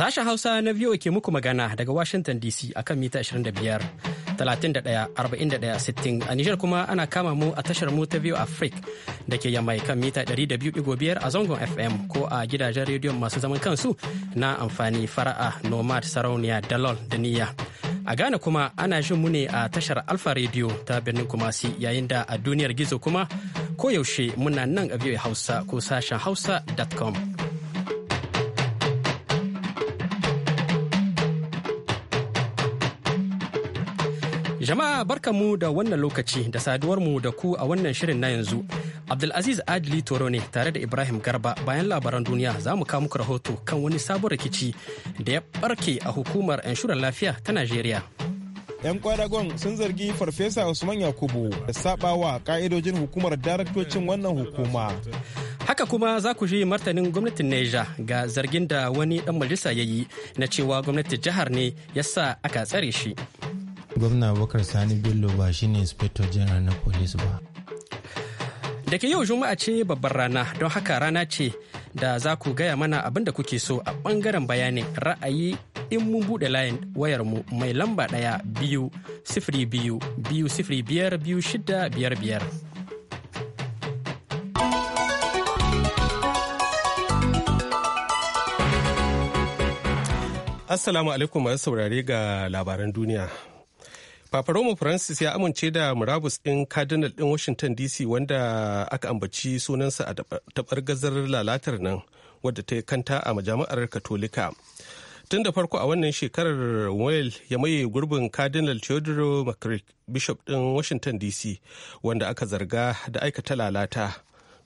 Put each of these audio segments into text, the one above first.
Sashen Hausa na VOA ke muku magana daga Washington DC akan mita 25, 31, A Nijar kuma ana kama mu a tashar mu ta VOA Africa da ke yamai kan mita 200.5 a zangon FM ko a gidajen rediyon masu zaman kansu na amfani fara'a Nomad Sarauniya Dalol da Niyya. A Ghana kuma ana jin mu ne a tashar Alfa Radio ta birnin Kumasi yayin da a duniyar gizo kuma koyaushe muna nan a VOA Hausa ko sashen Hausa.com. Jama'a barka mu da wannan lokaci da saduwar mu da ku a wannan shirin na yanzu. Abdulaziz Adli Toro ne tare da Ibrahim Garba bayan labaran duniya za mu kawo muku rahoto kan wani sabon rikici da ya barke a hukumar inshurar lafiya ta Najeriya. 'yan kwadagon sun zargi farfesa usman yakubu da sabawa ka'idojin hukumar daraktocin wannan hukuma haka kuma za ku ji martanin gwamnatin neja ga zargin da wani ɗan majalisa ya yi na cewa gwamnatin jihar ne ya sa aka tsare shi gwamna bakar sani bello ba shine inspector general na police ba da ke yau juma'a ce babbar rana don haka rana ce da za ku gaya mana abin da kuke so a bangaren bayanin ra'ayi in mun buɗe layin wayarmu mai lamba ɗaya biyu sifiri biyu biyu sifiri biyar biyu shida biyar biyar. Assalamu alaikum masu saurare ga labaran duniya. Papa Roma Francis ya amince da murabus ɗin Cardinal ɗin Washington DC wanda aka ambaci sunansa a tabar gazar lalatar nan wadda ta kanta a majami'ar Katolika. Tun da farko a wannan shekarar Well ya maye gurbin Cardinal Theodore McCrick, Bishop ɗin Washington DC wanda aka zarga da aikata lalata.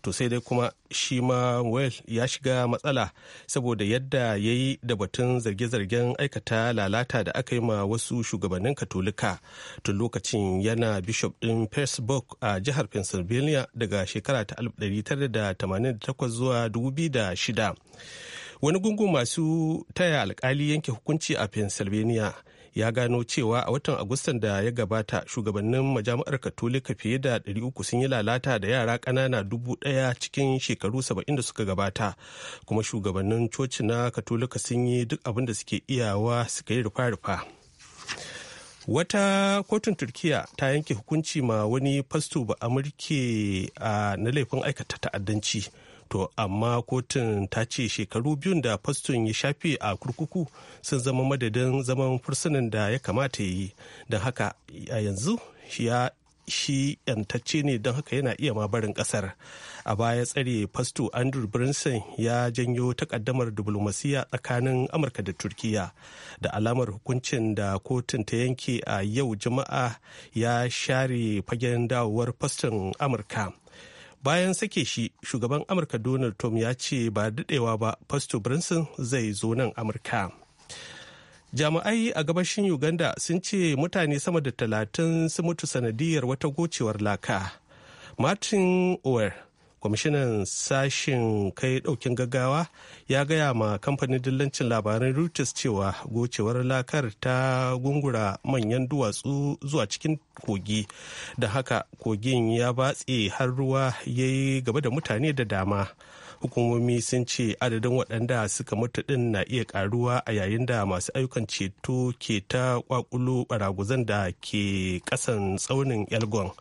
to sai dai kuma shi ma well ya shiga matsala saboda yadda ya yi da batun zarge-zargen aikata lalata da aka yi ma wasu shugabannin katolika tun lokacin yana bishop din pittsburgh a jihar pennsylvania daga shekara ta 1988 zuwa 2006 wani gungun masu taya alkali yanke hukunci a pennsylvania ya gano cewa a watan agustan da ya gabata shugabannin majami'ar katolika fiye da 300 sun yi lalata da yara ƙanana dubu ɗaya cikin shekaru 70 da suka gabata kuma shugabannin coci na katolika sun yi duk abin da suke iyawa suka yi rufa-rufa wata kotun turkiya ta yanke hukunci ma wani fasto ba amurke na laifin aikata ta'addanci to amma kotun ta ce shekaru biyun da faston ya shafe a kurkuku sun zama madadin zaman fursunan da ya kamata ya yi don haka a yanzu ya shi yantacce ne don haka yana iya ma barin kasar a baya tsare fasto andrew brinson ya janyo takaddamar diplomasiya tsakanin amurka da turkiya da alamar hukuncin da kotun ta yanke a yau juma'a ya share fagen dawowar faston amurka bayan sake shi shugaban amurka donald trump ya ce ba daɗewa ba pastor brinson zai zo nan amurka jami'ai a gabashin uganda sun ce mutane sama da talatin sun mutu sanadiyar wata gocewar laka martin ower kwamishinan sashen kai daukin gaggawa ya gaya ma kamfanin dillancin labaran reuters cewa gocewar lakar ta gungura manyan duwatsu zuwa cikin kogi da haka kogin ya batse har ruwa ya yi gaba da mutane da dama hukumomi sun ce adadin waɗanda suka mutu ɗin na iya ƙaruwa a yayin da masu ayyukan ceto ke ta ƙwaƙulo baraguzan da ke ƙasan tsaunin elgon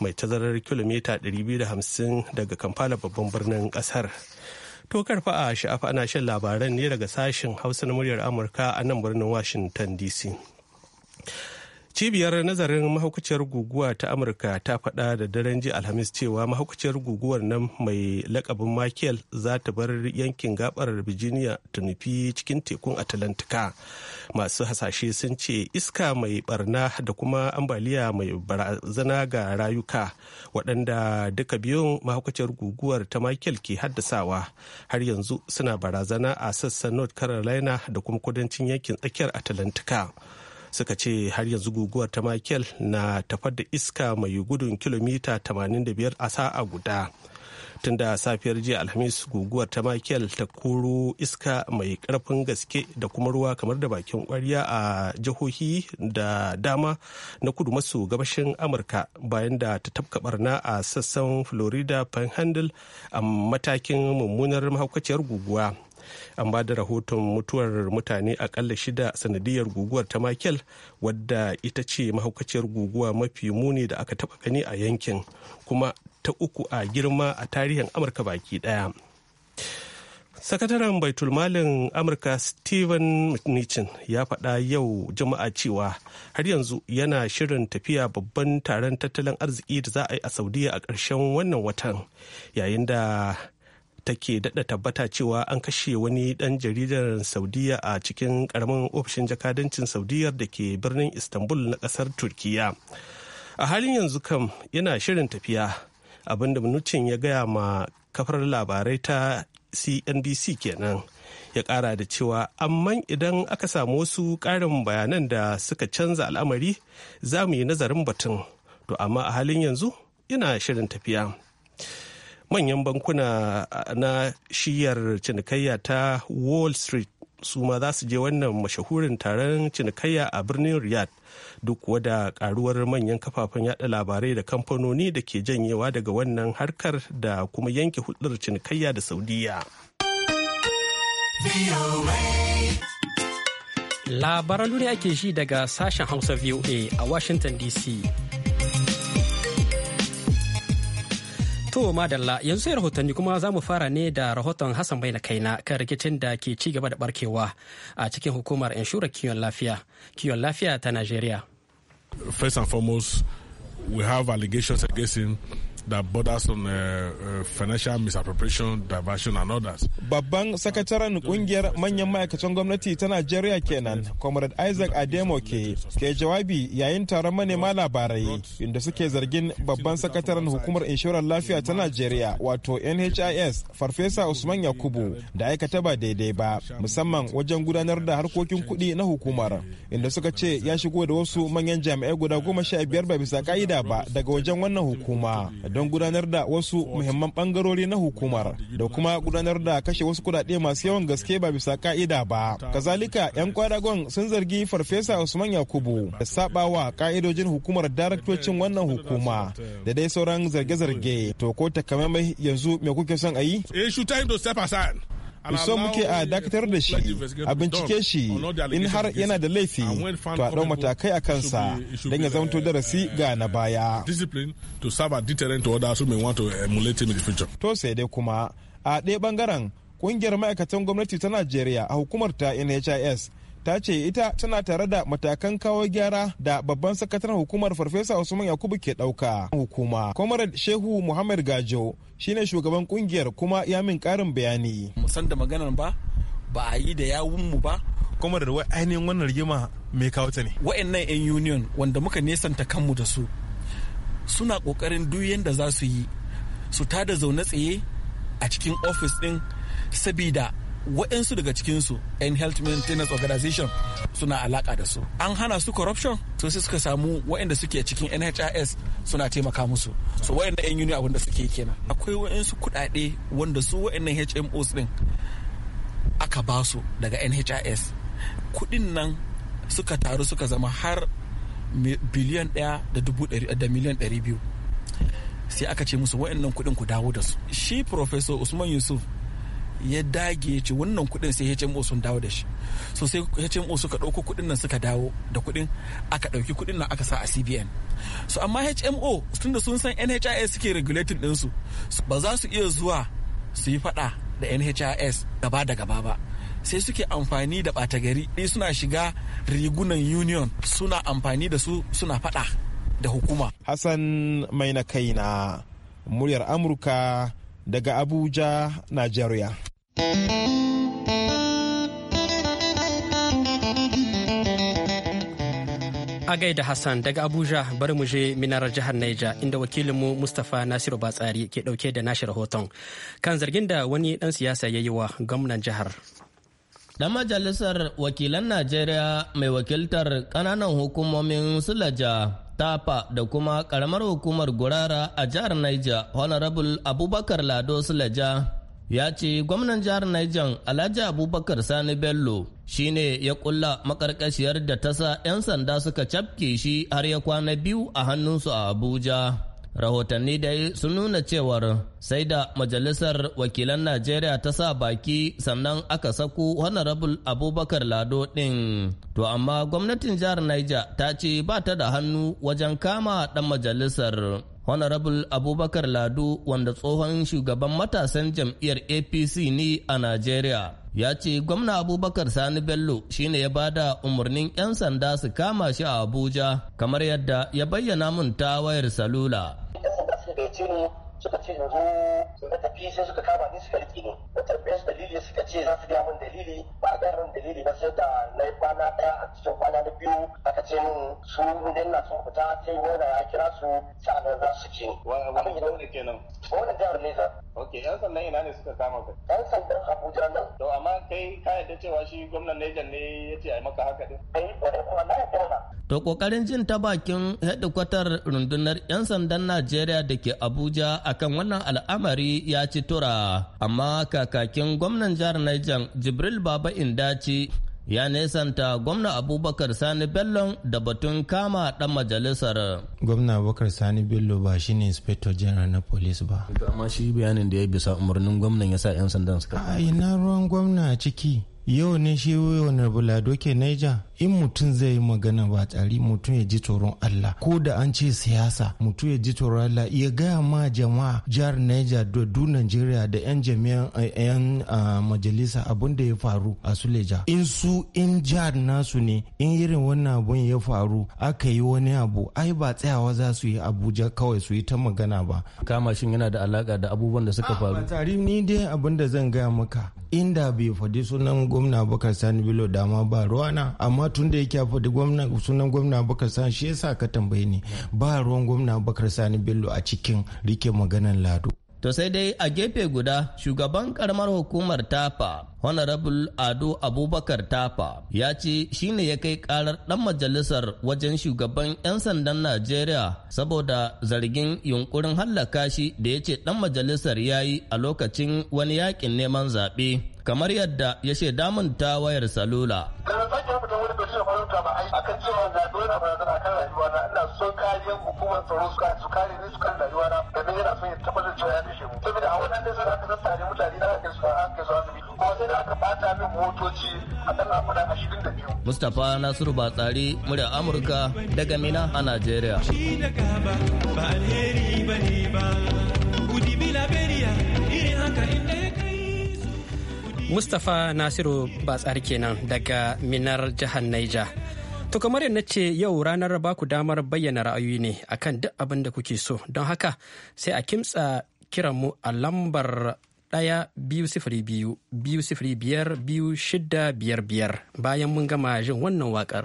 mai tazarar kilomita 250 daga kampala babban birnin ƙasar to karfa a sha'afa ana shan labaran ne daga sashen hausa na muryar amurka a nan birnin washington dc cibiyar nazarin mahaukaciyar guguwa ta amurka ta faɗa da daren ji alhamis cewa mahaukaciyar guguwar nan mai lakabin michael za ta bar yankin gabar virginia ta nufi cikin tekun atlantika masu hasashe sun ce iska mai barna da kuma ambaliya mai barazana ga rayuka waɗanda duka biyun mahaukaciyar guguwar ta michael ke haddasawa har yanzu suna barazana a sassan north carolina da kuma kudancin yankin tsakiyar atlantika. suka ce har yanzu guguwar ta Michael na tafar da iska mai gudun kilomita 85 a sa'a guda. tun da safiyar jiya alhamis guguwar ta michael ta koro iska mai karfin gaske da kuma ruwa kamar da bakin kwarya a jihohi da dama na kudu maso gabashin amurka bayan da ta tafka barna a sassan florida panhandle a matakin mummunar mahaukaciyar guguwa an ba da rahoton mutuwar mutane akalla shida sanadiyar guguwar ta makel wadda ita ce mahaukaciyar guguwa mafi muni da aka taba gani a yankin kuma ta uku a girma a tarihin amurka baki daya sakataren baitulmalin amurka steven mcnichin ya faɗa yau juma'a cewa har yanzu yana shirin tafiya babban taron tattalin arziki da za a yi a saudiya a ƙarshen wannan watan yayin da take daɗa tabbata cewa an kashe wani ɗan jaridar saudiya a cikin ƙaramin ofishin jakadancin saudiya da ke birnin istanbul na ƙasar turkiya a halin yanzu kam yana shirin tafiya abinda minucin ya gaya ma kafar labarai ta cnbc kenan ya kara da cewa amma idan aka samu wasu ƙarin bayanan da suka canza al'amari za mu yi nazarin batun to amma a halin yanzu yana shirin tafiya manyan bankuna na shiyar cinikayya ta wall street su ma za su je wannan mashahurin taron cinikayya a birnin riyadh duk wada karuwar manyan kafafen yada labarai da kamfanoni da ke janyewa daga wannan harkar da kuma yanke hulɗar cinikayya da saudiya labaran duniya ake shi daga sashen hausa voa a washington dc To madalla yanzu sai rahotanni kuma za mu fara ne da rahoton Hassan Bai na kaina kan rikicin da ke ci gaba da barkewa a cikin hukumar inshurar kiwon lafiya kiwon lafiya ta Najeriya. First and foremost, we have allegations against him that borders on uh, uh, financial misappropriation, diversion and others. Babban sakataren kungiyar manyan ma'aikatan gwamnati ta Najeriya kenan, Comrade Isaac Ademo ke ke jawabi yayin taron manema labarai inda suke zargin babban sakataren hukumar inshorar lafiya ta Najeriya wato NHIS Farfesa Usman Yakubu da aikata ba daidai ba musamman wajen gudanar da harkokin kuɗi na hukumar inda suka ce ya shigo da wasu manyan jami'ai guda goma sha biyar ba bisa ka'ida ba daga wajen wannan hukuma don gudanar da wasu muhimman bangarori na hukumar da kuma gudanar da kashe wasu kudade masu yawan gaske ba bisa ka'ida ba kazalika yan kwadagon sun zargi farfesa usman yakubu da sabawa ka'idojin hukumar daraktocin wannan hukuma da dai sauran zarge-zarge to ko takamaimai yanzu me kuke son a yi eh, so muke a dakatar da shi a bincike shi in har yana da laifi to a ɗau matakai a kansa don ya zamanto darasi ga na baya uh, to sai dai kuma a ɗaya bangaren ƙungiyar ma'aikatan gwamnati ta najeriya a hukumar ta nhis ta ce ita tana tare da matakan kawo gyara da babban sakataren hukumar farfesa usman yakubu ke ɗauka hukuma comrade shehu muhammad gajo shine shugaban kungiyar kuma ya min ƙarin bayani musan da maganar ba ba a yi da yawunmu ba kuma da ainihin wannan rigima mai kawo ta ne wa'annan 'yan union wanda muka nesanta kanmu da su suna kokarin duk yanda za su yi su tada zaune tsaye a cikin ofis din sabida waɗansu daga cikinsu yan health maintenance organization suna alaka da su an hana su corruption to sai suka samu waɗanda suke cikin nhis suna taimaka musu so waɗanda yan union abinda suke kenan akwai waɗansu kuɗaɗe wanda su waɗannan hmos din aka ba su daga nhis kuɗin nan suka taru suka zama har biliyan ɗaya da miliyan ɗari biyu sai aka ce musu waɗannan kuɗin ku dawo da su shi professor usman yusuf ya dage ya ce wannan kuɗin sai HMO sun dawo da shi so sai HMO suka ɗauko kuɗin nan suka dawo da kuɗin aka ɗauki kuɗin nan aka sa a CBN so amma HMO tunda sun san NHIS suke regulating ɗinsu ba za su iya zuwa su yi faɗa da NHIS gaba da gaba ba sai suke amfani da ɓata gari suna shiga rigunan union suna amfani da su suna faɗa da hukuma. Hassan mai na kaina muryar Amurka daga Abuja, Najeriya. A gaida Hassan daga Abuja bari mu je minar jihar Naija inda wakilinmu Mustapha Nasiru Batsari ke dauke da nashi rahoton kan zargin da wani dan siyasa ya yi wa gwamnan jihar. Dan majalisar wakilan Najeriya mai wakiltar kananan hukumomin Sulaja tafa da kuma karamar hukumar gurara a jihar Niger Honorable Abubakar Lado Sulaja ya ce gwamnan jihar Niger Alhaji Abubakar Sani Bello shine ya kulla makarkashiyar da ta sa 'yan sanda suka cafke shi har ya kwana biyu a hannunsu a Abuja. rahotanni dai sun nuna cewar sai da majalisar wakilan najeriya ta sa baki sannan aka saku honorable abubakar lado ɗin to amma gwamnatin jihar niger ta ce ba ta da hannu wajen kama ɗan majalisar Honorable Abubakar Lado wanda tsohon shugaban matasan jam'iyyar APC ne a Najeriya. Ya ce gwamna Abubakar Sani Bello shine ya bada umarnin 'yan sanda su kama shi a Abuja kamar yadda ya bayyana mun ta wayar salula. 特别近。suka ce yanzu sun da tafi sai suka kama ni suka riƙe ni na su dalili suka ce za su gaya dalili ba a gaya dalili ba sai da na yi kwana ɗaya a cikin kwana na biyu aka ce min su ne na sun fita sai wanda ya kira su sa'anan za su ce. Wani kenan. Wani Ok, 'yan sandan ina ne suka kama 'Yan sandan Abuja nan. To amma kai ka yadda cewa shi gwamnan ne ya ce a maka haka din? Eh, kuma na yadda To kokarin jin ta bakin hedikwatar rundunar 'yan sandan Najeriya da ke Abuja a akan wannan al'amari ya ci tura amma kakakin gwamnan jihar Niger Jibril Baba Indaci ya nesanta gwamna abubakar sani bello da batun kama dan majalisar gwamna abubakar sani bello ba shi ne inspector general na police ba amma shi bayanin da ya bisa umarnin gwamnan ya sa 'yan sandan suka a ina ruwan gwamna ciki yau ne shi bulado doke naija in mutum zai yi magana ba tsari mutum ya ji tsoron Allah ko da an ce siyasa mutum ya ji tsoron Allah ya gaya ma jama'a jihar Niger da du nigeria da yan jami'an yan majalisa abin da ya faru a Suleja in su in jihar nasu ne in irin wannan abun ya faru aka yi wani abu ai ba tsayawa za su yi Abuja kawai su yi ta magana ba kama shin yana da alaka da abubuwan da suka faru tari ni dai abin da zan gaya maka inda bai faɗi sunan gwamna Bakar Sani Bello ma ba ruwana amma amma tun da yake faɗi gwamna sunan gwamna bakar sani shi yasa ka tambaye ni ba ruwan gwamna bakar sani bello a cikin rike maganan lado To sai dai a gefe guda shugaban karamar hukumar Tafa, Honorable Ado Abubakar Tafa, ya ce shi ne ya kai karar dan majalisar wajen shugaban 'yan sandan Najeriya saboda zargin yunkurin hallaka shi da ya ce dan majalisar ya yi a lokacin wani yakin neman zaɓe, kamar yadda ya shaida mun ta wayar salula. suka ba ai akan cewa na dole barazana kan rayuwa na Allah son kare hukumar tsaro suka su kare ni suka rayuwa na da yana son ya tabbata cewa ya dace mu saboda a wannan dai sai aka sassare mutane na aka su aka su asibiti kuma sai da aka bata min motoci a kan a shirin da biyu. Mustapha Nasiru Batsari murya Amurka daga Mina a Najeriya. Shi da gaba ba alheri ba ne ba. Gudi bila beriya irin haka inda Mustapha Nasiru Batsar kenan daga Minar jihar Naija. To kamar yadda ce yau ranar ba ku damar bayyana ra'ayoyi ne akan duk abin da kuke so don haka sai a kimtsa kiran mu a lambar daya biyu sifiri biyu biyu sifiri biyar biyu shida biyar biyar bayan mun gama jin wannan waƙar.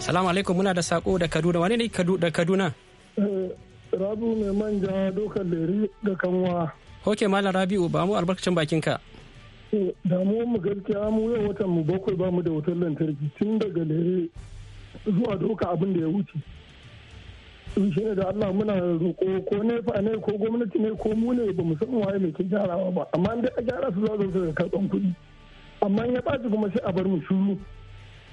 salamu alaikum muna da sako da kaduna wane ne da kaduna eh, rabu mai manja dokar leri da kanwa ok malam rabi'u ba mu albarkacin ka eh, damuwar mu gaskiya mu yau watan mu bakwai ba mu da wutar lantarki tun daga lere zuwa doka abin da ya wuce shi ne da Allah muna roƙo ko ne fa ne ko gwamnati ne ko mu ne ba mu san waye mai ke gyarawa ba amma inda a gyara su za su da karɓan kuɗi amma ya ɓaci kuma sai a bar mu shuru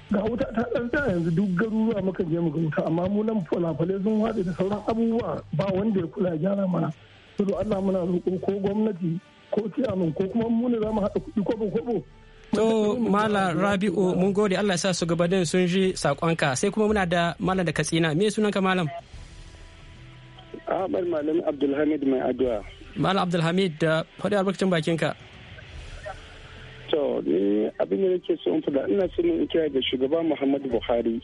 ga wuta ta dan ta yanzu duk garuruwa muka je muka wuta amma mu nan falafale sun haɗe da sauran abubuwa ba wanda ya kula gyara mana to Allah muna roƙo ko gwamnati ko ciyamin ko kuma mu ne za mu haɗa kuɗi kobo kobo To Mala Rabi'u mun gode Allah ya sa su gabanin sun ji sakonka sai kuma muna da Malam da Katsina me sunanka Malam? Ahmad Malam Abdulhamid mai addu'a. Malam Abdulhamid da faɗi albarkacin bakinka. ka. abin da nake so in faɗa ina so in kira da shugaba muhammadu buhari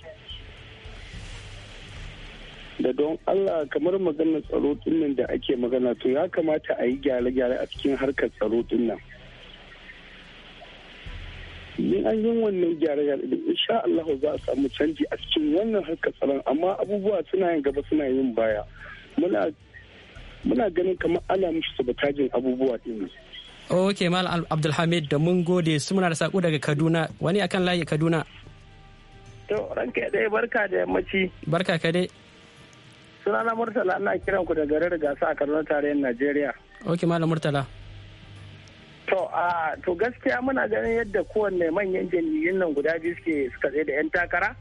da don allah kamar maganar tsaro nan da ake magana to ya kamata a yi gyare-gyare a cikin harkar tsaro nan. in an yi wannan gyare-gyare da insha allah za a samu canji a cikin wannan harkar tsaron amma abubuwa suna yin gaba suna yin baya muna ganin kamar ana mushi sabotajin abubuwa dinnan ok mal abdulhamid da mun gode su muna da saƙo daga kaduna wani akan layi kaduna to ranka dai barka da yammaci barka ka dai sunana murtala ana kiran ku da garin gasa a kaduna tarayyar najeriya ok malam murtala to a to gaskiya muna ganin yadda kowanne manyan jami'in nan guda biyu suke suka tsaye da yan takara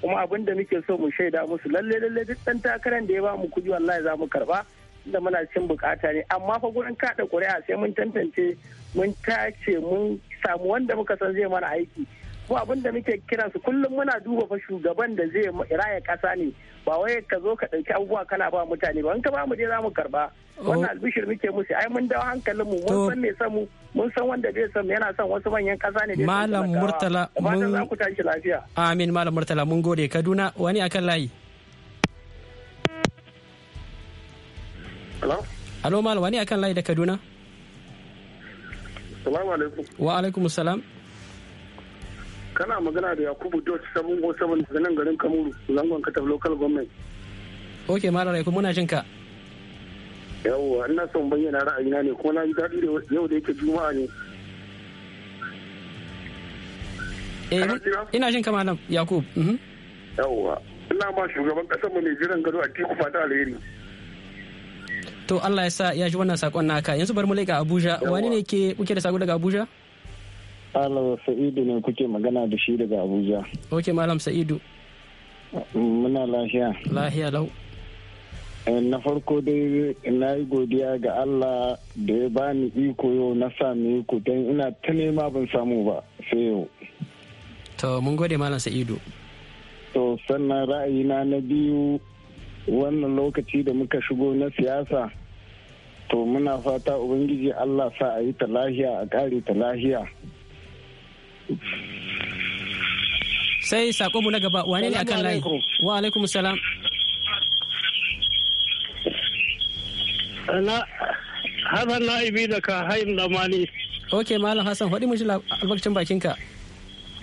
kuma abin da muke so mu shaida musu lalle lalle duk ɗan takarar da ya ba mu kuɗi wallahi za mu karba da muna cin bukata ne amma fa gurin kada ƙuri'a sai mun tantance mun tace mun samu wanda muka san zai mana aiki ko abin da muke kira su kullum muna duba fa shugaban da zai raya kasa ne ba wai ka zo ka ɗauki abubuwa kana ba mutane ba in ka ba mu za mu karba wannan albishir muke musu ai mun dawo hankalin mu mun san me samu mun san wanda zai san yana son wasu manyan kasa ne malam murtala mun za ku tashi lafiya amin malam murtala mun gode kaduna wani akan layi Alo malam wani akan layi da Kaduna? Salamu alaikum. Wa alaikum salam. Kana magana da Yakubu Dot 707 daga nan garin Kamuru, zangon Katab Local Government. Ok malam Yakubu muna jin ka. Yawwa, ina son bayyana ra'ayina ne kuma na ji daɗi da yau da yake Juma'a ne. Eh, ina jin ka malam Yakubu. Mhm. Yawwa, ina ma shugaban ƙasar mu mai jiran gado a Tiku Fata Alheri. to Allah ya sa ya ji wannan sakon naka yanzu bar mu leka Abuja wani ne ke kuke da sako daga Abuja Malam Sa'idu ne kuke magana da shi daga Abuja Ok Malam Sa'idu muna lahiya. Lahiya lau eh, na farko dai na yi godiya ga Allah da ya bani iko yau na sami iko don ina ta nema ban samu ba sai yau. To mun gode malam Sa'idu. To sannan ra'ayina na biyu wannan lokaci da muka shigo na siyasa to muna fata ubangiji allah sa a yi ta lahiya a kare ta lahiya sai sakonmu na gaba wane ne akan layi wa alaikum salam Hassan ibi da ka hain da mani. Ok, Malam Hassan, faɗi mishi albarkacin bakinka.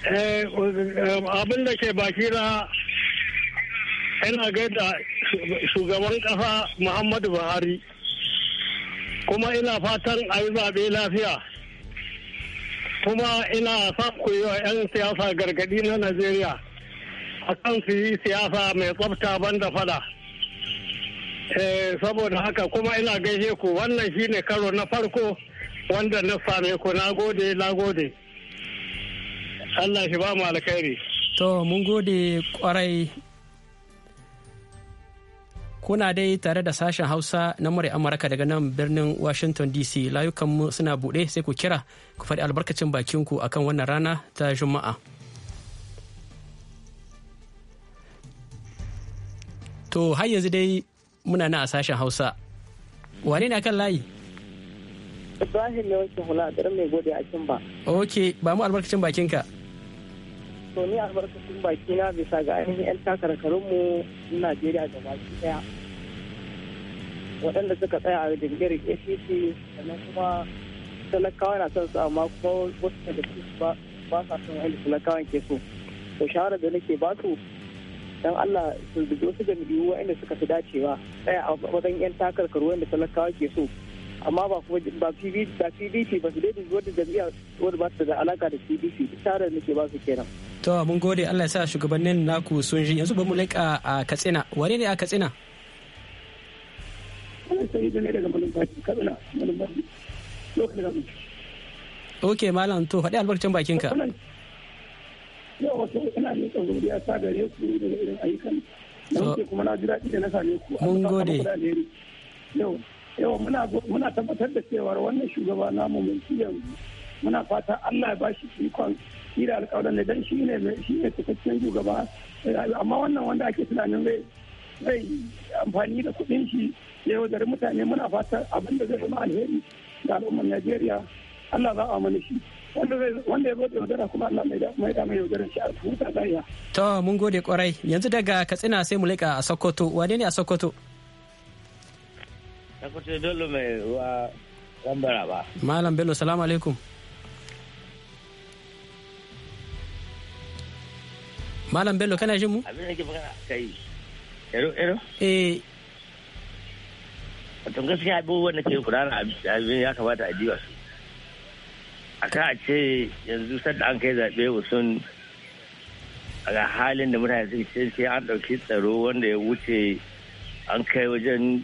Eh, um, um, abin da ke bakina yana gaida shugaban kafa Muhammadu Buhari. kuma ina fatan a yi zaɓe lafiya kuma ina sa ku yi wa 'yan siyasa gargaɗi na najeriya a kan su yi siyasa mai tsafta banda fada eh, saboda haka kuma ina gaishe ku wannan shine karo na farko wanda na same ku na gode na gode allah shi ba mu alkhairi to mun gode kwarai kuna dai tare da sashen hausa na murya amurka daga nan birnin washington dc layukanmu suna buɗe sai ku kira ku faɗi albarkacin bakinku akan wannan rana ta juma'a to har yanzu dai muna na a sashen hausa wane ne akan layi ibrahim ne wancan hula a mai gode a kimba. ba ok ba mu albarkacin bakinka to ni albarkacin baki na bisa ga ainihin 'yan mu na najeriya da baki daya waɗanda suka tsaya a dingirin apc sannan kuma talakawa na son su amma kuma wasu daga su ba sa son yadda talakawa ke so to shawarar da nake ba su dan allah su dubi wasu jam'iyyu waɗanda suka fi dacewa tsaya a wajen 'yan takarkaru wanda talakawa ke so amma ba kuma ba pdp ba su daidai wadda jam'iyya wadda ba ta da alaka da pdp tare nake ba su kenan to mun gode Allah sa shugabannin naku sun ji yanzu ba mu leka a Katsina wane ne a Katsina ok malam to faɗi albarkacin bakin ka yau wato ina ne tsoro ya sa gare ku da irin ayyukan da kuma na ji daɗi da na same ku mun gode yau yau muna tabbatar da cewa wannan shugaba namu mun yanzu muna fata Allah ya bashi ikon kira alƙawarin da dan shi ne cikakken shugaba amma wannan wanda ake tunanin zai zai amfani da kuɗin shi ya yaudari mutane muna fata abin da zai zama alheri ga al'ummar Najeriya Allah za a mana shi wanda ya zo da yaudara kuma Allah mai da mai shi a huta lafiya. To mun gode kwarai yanzu daga Katsina sai mu leƙa a Sokoto wane ne a Sokoto? ta dole mai ruwa gambara ah. ba. Malam Bello, salamu alaikum. Malam Bello, kana jin mu? Abin da ke magana kai. Ero, ero? Eh. Wato gaskiya abubuwan da ke gudana abin ya kamata a jiwa su. A ka ce yanzu sadda an kai zaɓe sun a halin da mutane suke ce sai an ɗauki tsaro wanda ya wuce an kai wajen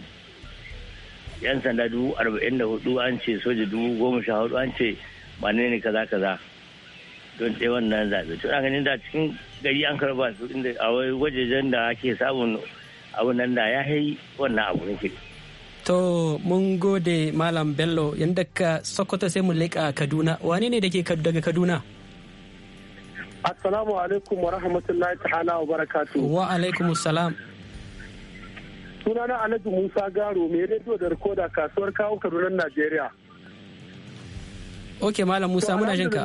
yan sanda dubu arba'in da hudu an ce soja dubu goma sha hudu an ce wane ne kaza kaza don ɗaya wannan zaɓe to ganin da cikin gari an karba su inda a wajejen da ake samun abu nan da ya yi wannan abu ne To mun gode Malam Bello yadda ka Sokoto sai mu leƙa Kaduna wane ne da ke daga Kaduna? Assalamu alaikum wa rahmatullahi ta'ala wa barakatu. Wa alaikum salam. sunana alhaji musa garo mai rediyo da rikoda kasuwar kawo kadunan najeriya ok malam musa muna jinka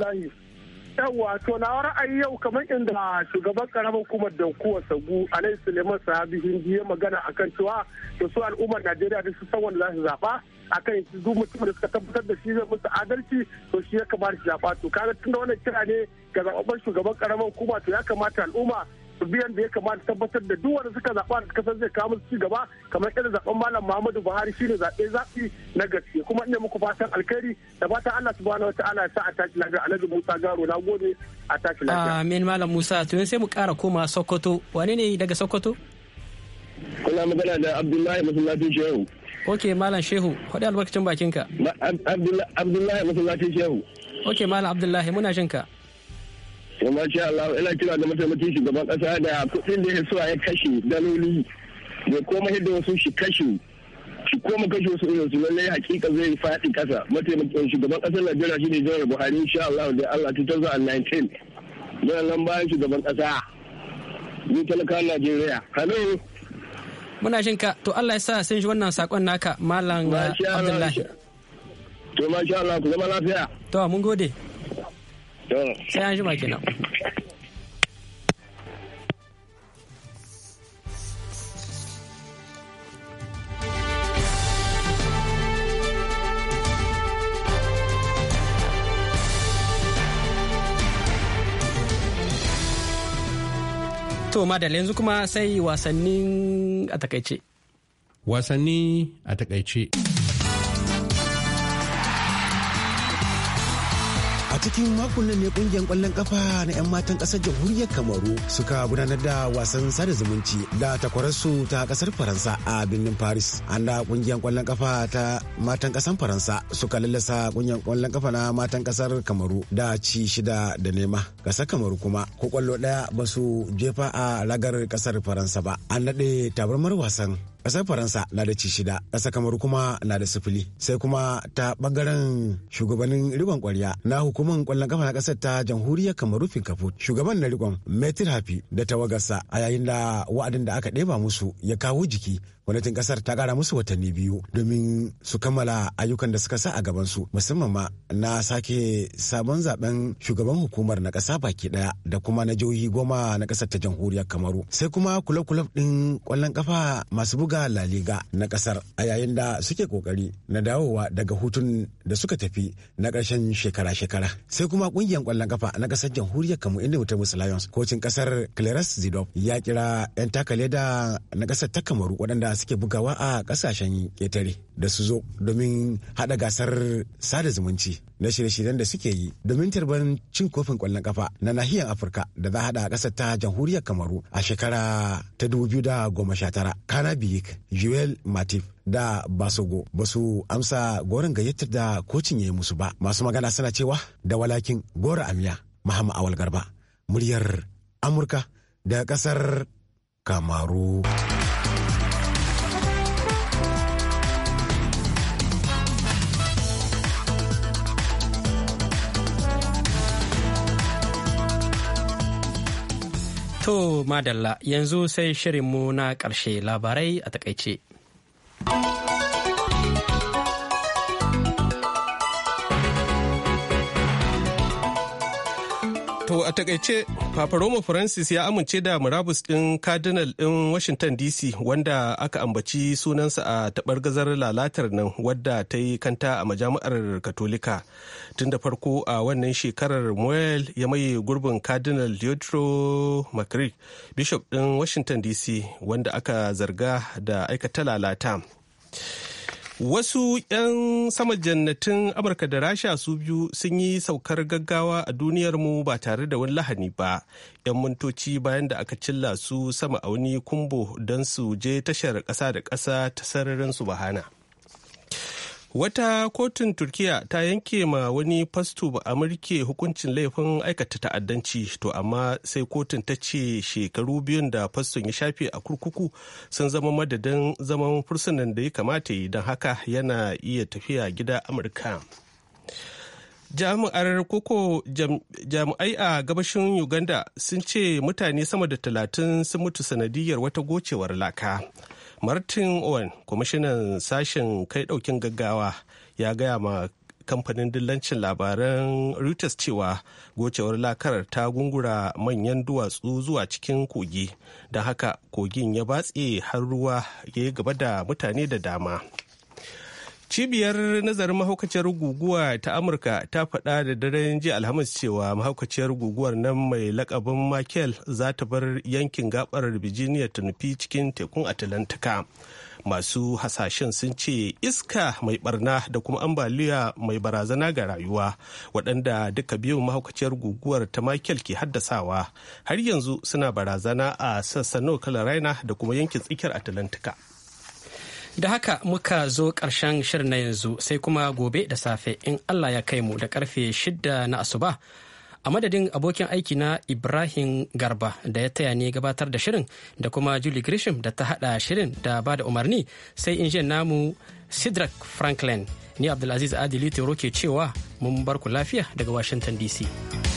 yawwa to na ra'ayi yau kamar inda shugaban karamar hukumar kuwa sagu alai suleiman sahabi hindi ya magana akan cewa da su al'ummar najeriya da su san wanda za su zaɓa akan duk mutum da suka tabbatar da shi zai musu adalci to shi ya kamata su zaɓa to kaga tunda wannan kira ne ga zaɓaɓɓen shugaban karamar hukuma to ya kamata al'umma biyan da ya kamata tabbatar da duk wanda suka zaɓa da kasar zai kawo musu gaba kamar irin zaɓen malam Muhammadu Buhari shine zaɓe zaɓi na gaske kuma ina muku fatan alkhairi da fatan Allah subhanahu wataala ya sa a tashi lafiya Alhaji Musa Garo na gode a tashi lafiya. Amin malam Musa to sai mu ƙara koma Sokoto wani ne daga Sokoto? Kuna magana da Abdullahi Musulmatu Shehu. Ok malam Shehu faɗi albarkacin bakinka. Abdullahi Musulmatu Shehu. Ok malam Abdullahi muna jinka. ka. to shi Allah ina kira da mataimakin shugaban kasa da kuɗin da ya suwa ya kashe daloli ya koma yadda wasu shi kashe shi koma kashe wasu irin su lallai hakika zai faɗi kasa mataimakin shugaban kasar Najeriya shine da Buhari insha Allah da Allah 2019 yana nan bayan shugaban kasa ni talaka Najeriya hello muna shin ka to Allah ya sa san shi wannan sakon naka malam Abdullahi to masha Allah ku zama lafiya to mun gode sai an jima kenan To madalla yanzu kuma sai wasannin a takaice. Wasanni a takaice. cikin makon nan ne kungiyar kwallon kafa na 'yan matan kasar jamhuriyar kamaru suka gudanar da wasan sada zumunci da takwararsu ta kasar faransa a birnin paris an da kungiyar kwallon kafa ta matan kasar faransa suka lallasa kungiyar kwallon kafa na matan kasar kamaru da ci shida da nema kasar kamaru kuma ko kwallo daya ba su jefa a ragar kasar faransa ba an naɗe tabarmar wasan ƙasar faransa na da ci shida ƙasar kamar kuma na da sifili sai kuma ta bangaren shugabannin rigon kwarya na hukumar kwallon kafa na ƙasar ta jamhuriyar kamaru finkafut shugaban na rigon metin hafi da tawagarsa a yayin da wa'adin da aka ɗeba musu ya kawo jiki gwamnatin kasar ta kara musu watanni biyu domin su kammala ayyukan da suka sa a gabansu musamman ma na sake sabon zaben shugaban hukumar na kasa baki daya da kuma na jihohi goma na kasar ta jamhuriyar kamaru sai kuma kulab-kulab din kwallon kafa masu buga buga La na kasar a yayin da suke kokari na dawowa daga hutun da suka tafi na ƙarshen shekara-shekara. Sai kuma ƙungiyar ƙwallon kafa na ƙasar jamhuriyar Kamu inda mutum Lions kocin ƙasar Clarence Zidop ya kira 'yan takale da na ƙasar ta Kamaru waɗanda suke bugawa a ƙasashen ƙetare da su zo domin haɗa gasar sada zumunci na shirye-shiryen da suke yi domin tarban cin kofin kwallon kafa na nahiyar afirka da za haɗa a ƙasar ta jamhuriyar kamaru a shekara ta da 2019 kana biyik juel matif da basogo ba su amsa goron gayyatar da kocin ya yi musu ba masu magana suna cewa da walakin gora amiya muhammad awal garba muryar amurka da ƙasar kamaru. To madalla yanzu sai shirinmu na ƙarshe labarai a takaice. a takaice, Papa Roma Francis ya amince da murabus ɗin Cardinal ɗin Washington DC wanda aka ambaci sunansa a taɓar gazar lalatar nan wadda ta yi kanta a majami'ar Katolika. Tun da farko a wannan shekarar Moel ya maye gurbin Cardinal Leodro Macri, Bishop ɗin Washington DC wanda aka zarga da aikata lalata. Wasu 'yan sama jannatin Amurka da Rasha su biyu sun yi saukar gaggawa a duniyarmu ba tare da wani lahani ba, 'yan mintoci bayan da aka cilla su sama a wani kumbo don su je tashar ƙasa da ƙasa ta sararin su bahana. Wata kotun Turkiyya ta yanke ma wani fasto ba Amurke hukuncin laifin aikata ta'addanci to amma sai kotun ta ce shekaru biyun da faston ya shafe a kurkuku sun zama madadin zaman fursunan da ya kamata yi don haka yana iya tafiya gida Amurka. jami'ar koko jami'ai a gabashin uganda sun ce mutane sama da talatin sun mutu sanadiyar wata gocewar laka martin owen kwamishinan sashen kai daukin gaggawa ya gaya ma kamfanin dillancin labaran reuters cewa gocewar lakarar ta gungura manyan duwatsu zuwa cikin kogi da haka kogin ya batse har ruwa ya yi gaba da mutane da dama cibiyar nazarin mahaukaciyar guguwa ta amurka ta faɗa da daren jiya alhamis cewa mahaukaciyar guguwar nan mai lakabin michael za ta bar yankin gabar virginia ta nufi cikin tekun atlantika masu hasashen sun ce iska mai barna da kuma ambaliya mai barazana ga rayuwa waɗanda duka biyun mahaukaciyar guguwar ta michael ke haddasawa har yanzu suna barazana a sassan da kuma yankin tsakiyar atlantika Da haka muka zo ƙarshen shirin na yanzu sai kuma gobe da safe in Allah ya kai mu da karfe shida na asuba. A madadin abokin aiki na Ibrahim Garba da ya taya ne gabatar da shirin da kuma Julie Grisham da ta haɗa shirin da ba da umarni sai injin namu Sidrak Franklin. Ni Abdulaziz Adili roke ke cewa mun barku lafiya daga Washington DC.